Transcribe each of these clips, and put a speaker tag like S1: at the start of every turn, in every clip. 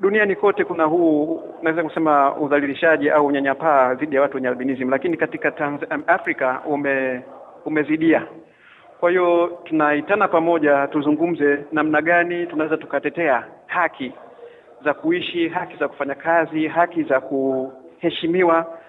S1: duniani kote kuna huu naweza kusema udhalilishaji au unyanyapaa dhidi ya watu wenye albinism, lakini katika Tanz Afrika ume umezidia. Kwa hiyo tunaitana pamoja tuzungumze namna gani tunaweza tukatetea haki za kuishi, haki za kufanya kazi, haki za kuheshimiwa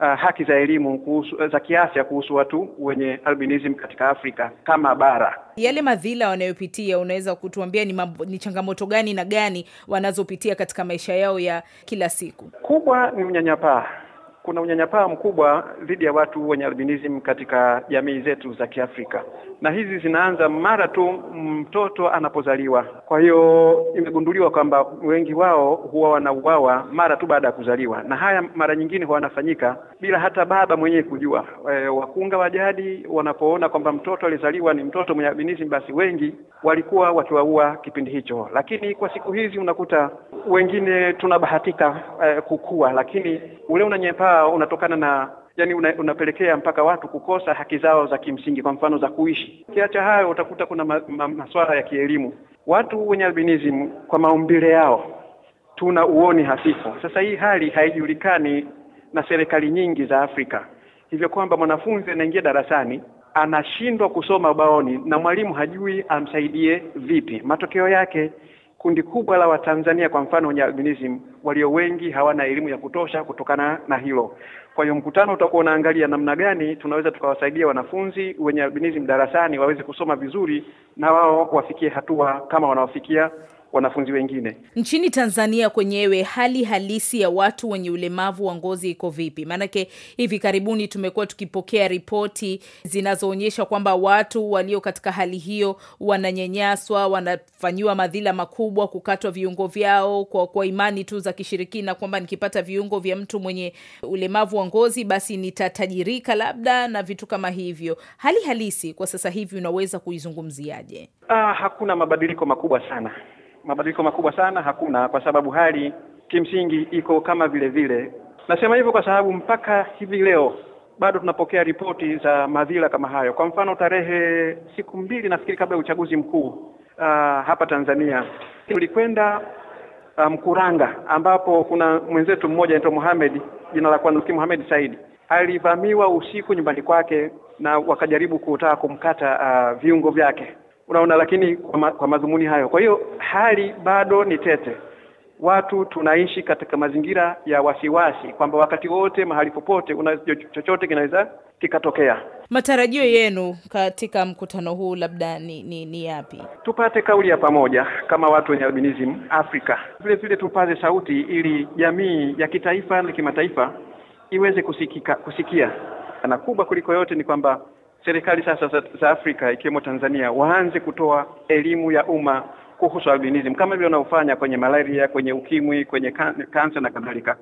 S1: uh, haki za elimu kuhusu, za kiafya kuhusu watu wenye albinism katika Afrika kama bara.
S2: Yale madhila wanayopitia, unaweza kutuambia ni, mambo, ni changamoto gani na gani wanazopitia katika maisha yao ya kila siku?
S1: Kubwa ni mnyanyapaa kuna unyanyapaa mkubwa dhidi ya watu wenye albinism katika jamii zetu za Kiafrika, na hizi zinaanza mara tu mtoto anapozaliwa. Kwa hiyo imegunduliwa kwamba wengi wao huwa wanauawa mara tu baada ya kuzaliwa, na haya mara nyingine huwa wanafanyika bila hata baba mwenyewe kujua. E, wakunga wa jadi wanapoona kwamba mtoto alizaliwa ni mtoto mwenye albinism, basi wengi walikuwa wakiwaua kipindi hicho, lakini kwa siku hizi unakuta wengine tunabahatika e, kukua, lakini ule unanyepaa ambao unatokana na yani una, unapelekea mpaka watu kukosa haki zao za kimsingi, kwa mfano za kuishi. Kiacha hayo, utakuta kuna ma, ma, maswala ya kielimu. Watu wenye albinism kwa maumbile yao tuna uoni hafifu. Sasa hii hali haijulikani na serikali nyingi za Afrika, hivyo kwamba mwanafunzi anaingia darasani anashindwa kusoma ubaoni na mwalimu hajui amsaidie vipi. Matokeo yake kundi kubwa la Watanzania kwa mfano wenye albinism walio wengi hawana elimu ya kutosha kutokana na hilo. Kwa hiyo mkutano utakuwa unaangalia namna gani tunaweza tukawasaidia wanafunzi wenye albinism darasani waweze kusoma vizuri na wao wafikie hatua kama wanaofikia wanafunzi wengine.
S2: Nchini Tanzania kwenyewe hali halisi ya watu wenye ulemavu wa ngozi iko vipi? Maanake hivi karibuni tumekuwa tukipokea ripoti zinazoonyesha kwamba watu walio katika hali hiyo wananyanyaswa, wanafanyiwa madhila makubwa, kukatwa viungo vyao kwa, kwa imani tu za kishirikina kwamba nikipata viungo vya mtu mwenye ulemavu wa ngozi basi nitatajirika labda na vitu kama hivyo. Hali halisi kwa sasa hivi unaweza kuizungumziaje?
S1: Ah, hakuna mabadiliko makubwa sana mabadiliko makubwa sana hakuna, kwa sababu hali kimsingi iko kama vile vile. Nasema hivyo kwa sababu mpaka hivi leo bado tunapokea ripoti za madhila kama hayo. Kwa mfano, tarehe siku mbili nafikiri kabla ya uchaguzi mkuu uh, hapa Tanzania tulikwenda uh, Mkuranga ambapo kuna mwenzetu mmoja anaitwa Mohamed, jina la kwanza Mohamed Said alivamiwa usiku nyumbani kwake na wakajaribu kutaka kumkata uh, viungo vyake unaona, lakini kwa, ma, kwa madhumuni hayo. Kwa hiyo hali bado ni tete, watu tunaishi katika mazingira ya wasiwasi kwamba wakati wote mahali popote una chochote kinaweza kikatokea.
S2: Matarajio yenu katika mkutano huu labda ni, ni, ni yapi?
S1: Tupate kauli ya pamoja kama watu wenye albinism Afrika, vile vile tupaze sauti ili jamii ya kitaifa na kimataifa iweze kusikika, kusikia na kubwa kuliko yote ni kwamba serikali sasa za, za Afrika ikiwemo Tanzania waanze kutoa elimu ya umma kuhusu albinism kama vile wanaofanya kwenye malaria, kwenye ukimwi, kwenye kansa na kadhalika.